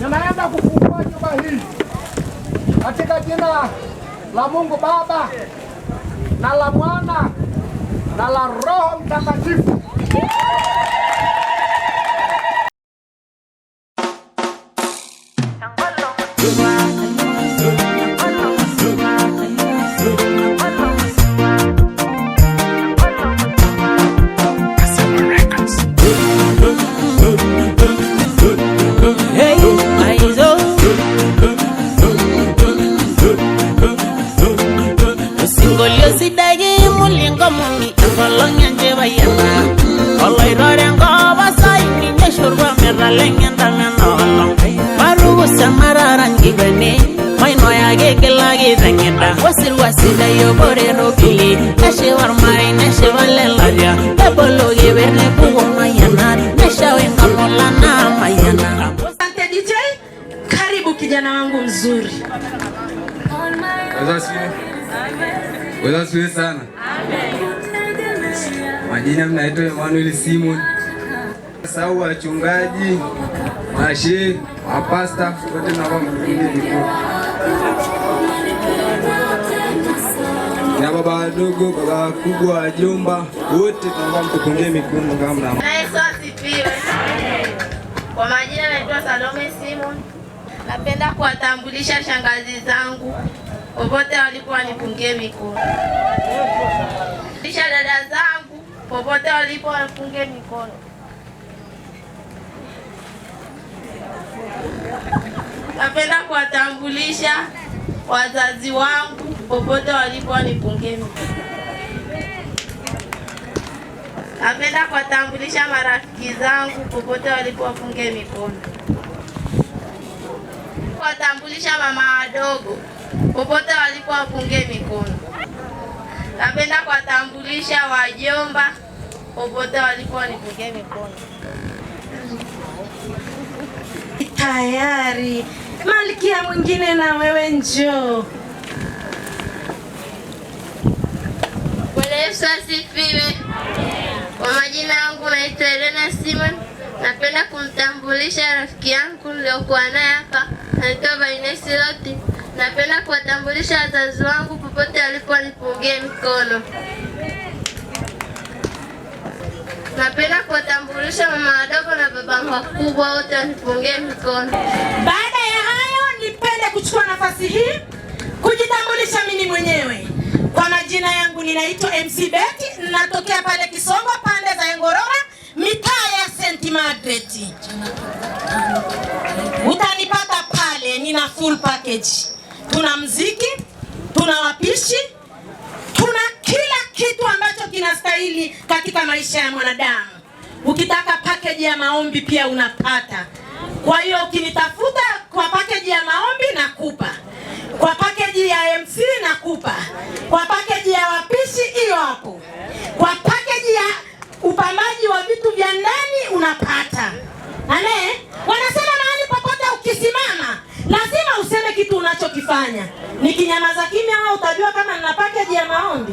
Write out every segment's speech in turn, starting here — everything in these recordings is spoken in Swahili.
Ninaenda kufungua nyumba hii katika jina la Mungu Baba na la Mwana na la Roho Mtakatifu. kiteng'enda osirua sidai oborero kili neshipa ormarei neshipa lelatia nebolo keper nepuku mayianat neshau enkanola naa mayiana karibu kijana wangu mzuri wezasiwe sana majina mnaitwa Emmanuel Simon sau wachungaji mashe mapasta wote nawa mkundi na baba wadogo, baba wakubwa, wajomba wote, tunaomba mikono kama Kwa majina naitwa Salome Simon. Napenda kuwatambulisha shangazi zangu popote walipo, wanipungie mikono, kisha dada zangu popote walipo wanipungie mikono. Napenda kuwatambulisha wazazi wangu popote walipo wanipongeze. Napenda kuwatambulisha marafiki zangu popote walipo, wapunge mikono. Kuwatambulisha mama wadogo popote walipo, wapunge mikono. Napenda kuwatambulisha wajomba popote walipo, wanipunge mikono. Tayari malkia mwingine, na wewe njoo. Yesu asifiwe. Kwa majina yangu naitwa Elena Simon. Napenda kumtambulisha rafiki yangu niliyokuwa naye hapa, anaitwa Vainesi Loti. Napenda kuwatambulisha wazazi wangu popote alipo, nipungie mkono. Napenda kuwatambulisha mama wadogo na baba wakubwa wote, wanipungie mkono. Baada ya hayo, nipende kuchukua nafasi hii kujitambulisha mimi mwenyewe. Kwa majina yangu ninaitwa MC Betty, natokea pale Kisongo pande za Engorora, mitaa ya St Margaret. Utanipata pale, nina full package. Tuna mziki, tuna wapishi, tuna kila kitu ambacho kinastahili katika maisha ya mwanadamu. Ukitaka package ya maombi pia unapata. Kwa hiyo ukinitafuta ya MC nakupa, kwa pakeji ya wapishi hiyo hapo, kwa pakeji ya upambaji wa vitu vya ndani unapata. Ane, wanasema mahali popote ukisimama lazima useme kitu unachokifanya. Nikinyamaza kimya, wao utajua kama nina pakeji ya maombi?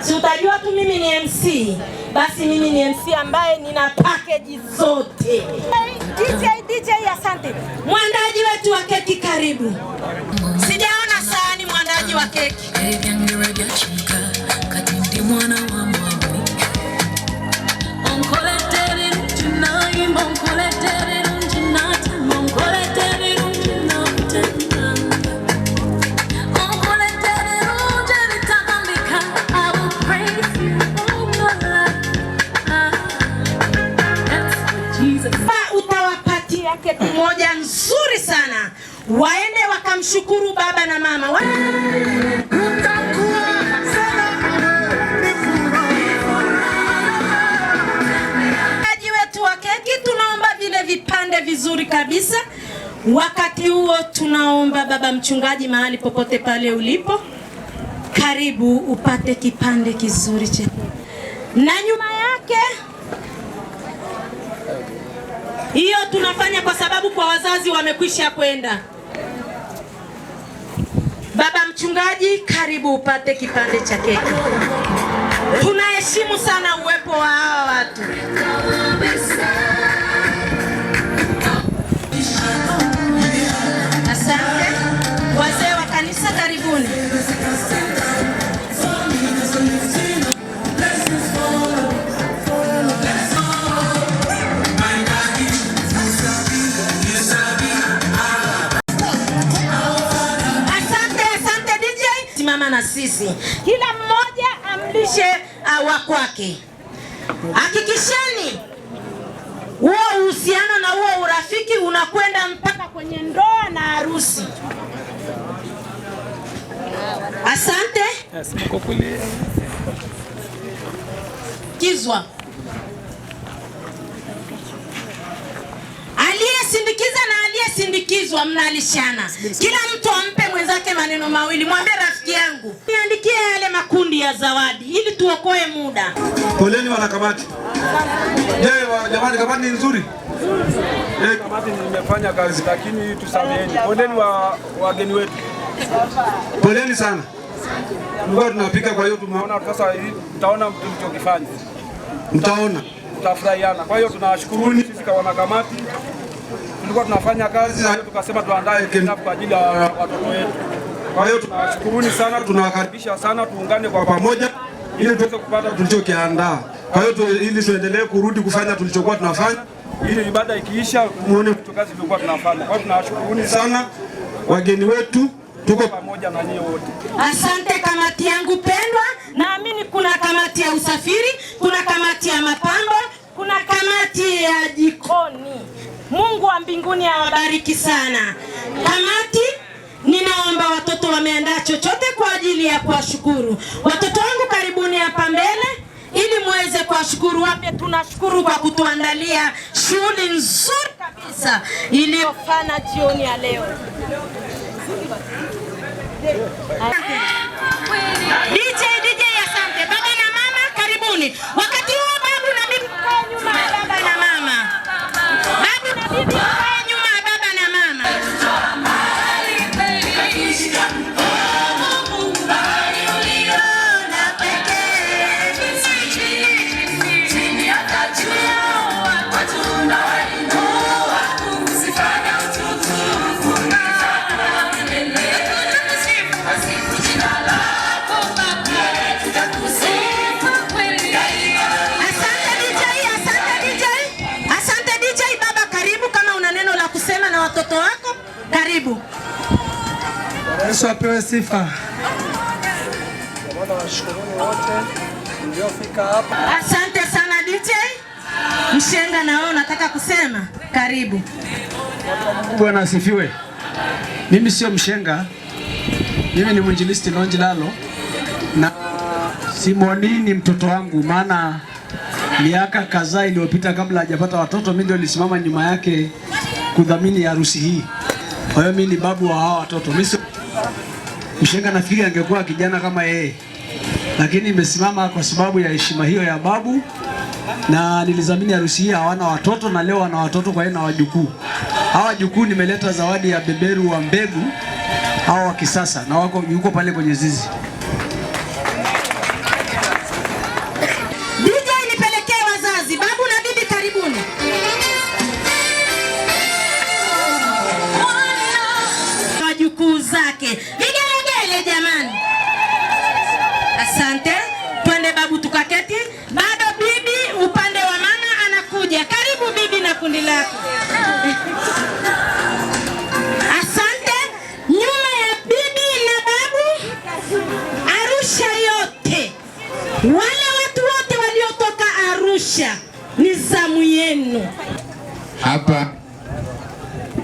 Si utajua tu mimi ni MC. Basi mimi ni MC ambaye nina pakeji zote. DJ, DJ, asante mwandaji wetu wa keki, karibu 게 기대감을 알려줄까 waende wakamshukuru baba na mama wa wetu wa keki, tunaomba vile vipande vizuri kabisa. Wakati huo tunaomba baba mchungaji, mahali popote pale ulipo, karibu upate kipande kizuri cha na nyuma yake hiyo tunafanya kwa sababu kwa wazazi wamekwisha kwenda. Baba mchungaji, karibu upate kipande cha keki. Tunaheshimu sana uwepo wa hawa watu. yake. Hakikisheni huo uhusiano na huo urafiki unakwenda mpaka kwenye ndoa na harusi. Asante kizwa. Aliyesindikiza na aliyesindikizwa mnalishana, kila mtu ampe mwenzake maneno mawili. Mwambie rafiki yangu, niandikie yale makundi ya zawadi ili tuokoe muda. Poleni wanakamati. Je, jamani, kamati ni nzuri? Eh, kamati nimefanya kazi, lakini tusameeni. Poleni wa wageni wetu, poleni sana. Mlikuwa tunapika, kwa hiyo tumeona sasa, mtaona mlichokifanya, mtaona, mtafurahiana. Kwa hiyo tunawashukuruni sisi kama kamati tulikuwa tunafanya kazi na tukasema tuandae camp kwa ajili ya watoto wetu. Kwa hiyo tunashukuruni sana, tunawakaribisha sana, tuungane kwa pamoja ili tuweze kupata tulichokiandaa. Kwa hiyo tu, ili tuendelee kurudi kufanya tulichokuwa tunafanya, ili ibada ikiisha muone kitu kazi tulikuwa tunafanya. Kwa hiyo tunashukuruni sana wageni wetu, tuko pamoja na nyie wote. Asante kamati yangu pendwa. Naamini kuna kamati ya usafiri, kuna kamati ya mapambo, kuna kamati ya jikoni Mungu wa mbinguni awabariki sana. Kamati, ninaomba watoto wameandaa chochote kwa ajili ya kuwashukuru watoto wangu. Karibuni hapa mbele ili muweze kuwashukuru. Wape tunashukuru kwa kutuandalia shughuli nzuri kabisa iliyofana jioni ya leo. Yesu apewe sifa. Asante sana DJ Mshenga, na wewe unataka kusema karibu. Bwana asifiwe. Mimi sio mshenga, mimi ni mwinjilisti Lonji Lalo na Simoni ni mtoto wangu, maana miaka kadhaa iliyopita kabla hajapata watoto, mimi ndio nilisimama nyuma yake kudhamini harusi hii. Kwa hiyo mimi ni babu wa hawa watoto. Mimi Mshenga nafikiri angekuwa kijana kama yeye, lakini nimesimama kwa sababu ya heshima hiyo ya babu, na nilizamini harusi hii hawana watoto na leo wana watoto, kwa hiyo na wajukuu. Hawa wajukuu nimeleta zawadi ya beberu wa mbegu hawa wa kisasa, na wako yuko pale kwenye zizi. maisha ni zamu yenu. Hapa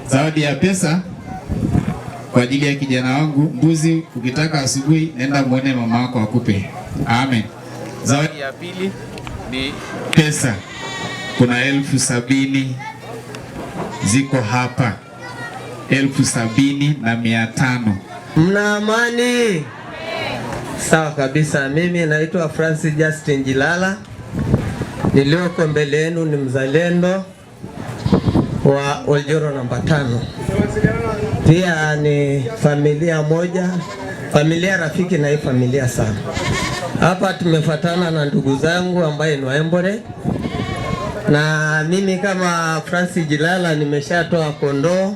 zawadi ya pesa kwa ajili ya kijana wangu mbuzi. Ukitaka asubuhi, nenda muone mama wako akupe. Amen. Zawadi ya pili ni pesa. Kuna elfu sabini ziko hapa, elfu sabini na mia tano. Mna amani? Sawa kabisa. Mimi naitwa Francis Justin Jilala Iliyoko mbele yenu ni mzalendo wa Oljoro namba tano, pia ni familia moja, familia rafiki na hii familia sana. Hapa tumefuatana na ndugu zangu ambaye ni Waembore na mimi kama Francis Jilala nimeshatoa kondoo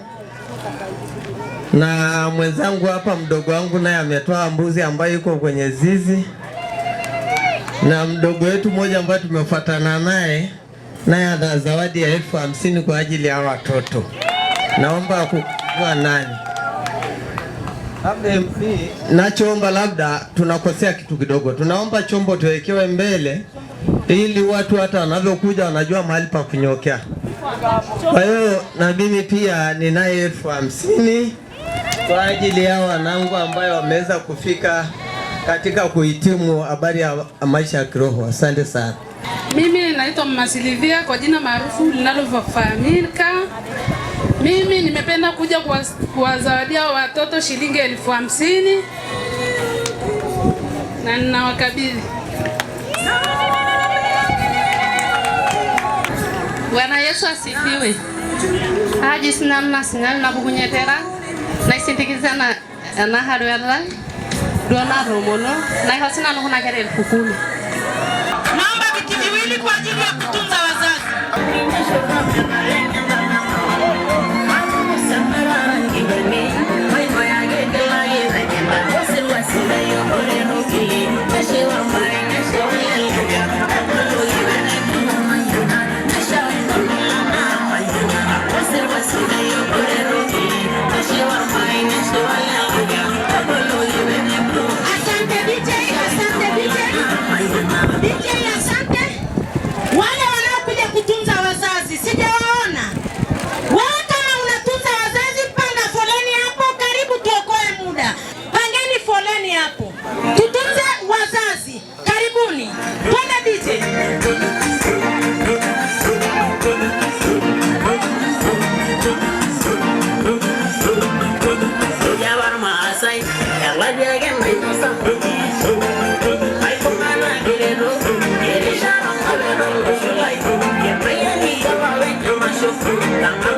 na mwenzangu hapa mdogo wangu naye ametoa mbuzi ambayo iko kwenye zizi na mdogo wetu mmoja ambaye tumefuatana naye naye ana zawadi ya elfu hamsini kwa ajili ya watoto. Naomba kukua nani nachoomba, labda tunakosea kitu kidogo, tunaomba chombo tuwekewe mbele ili watu hata wanavyokuja wanajua mahali pa kunyokea. Kwa hiyo na mimi pia ninaye elfu hamsini kwa ajili ya wanangu ambayo wameweza kufika katika kuhitimu habari ya maisha ya kiroho. Asante sana. Mimi naitwa Mama Silivia kwa jina maarufu linalofahamika. Mimi nimependa kuja kuwazawadia watoto shilingi elfu hamsini na ninawakabidhi Bwana Yesu asifiwe. haji sinamna sinali nabuhunyetera naisindikiza na nahalu yalai ndio naromono na hasina nuko na kere kukulu. Naomba viti viwili kwa ajili ya kutunza wazazi. I'm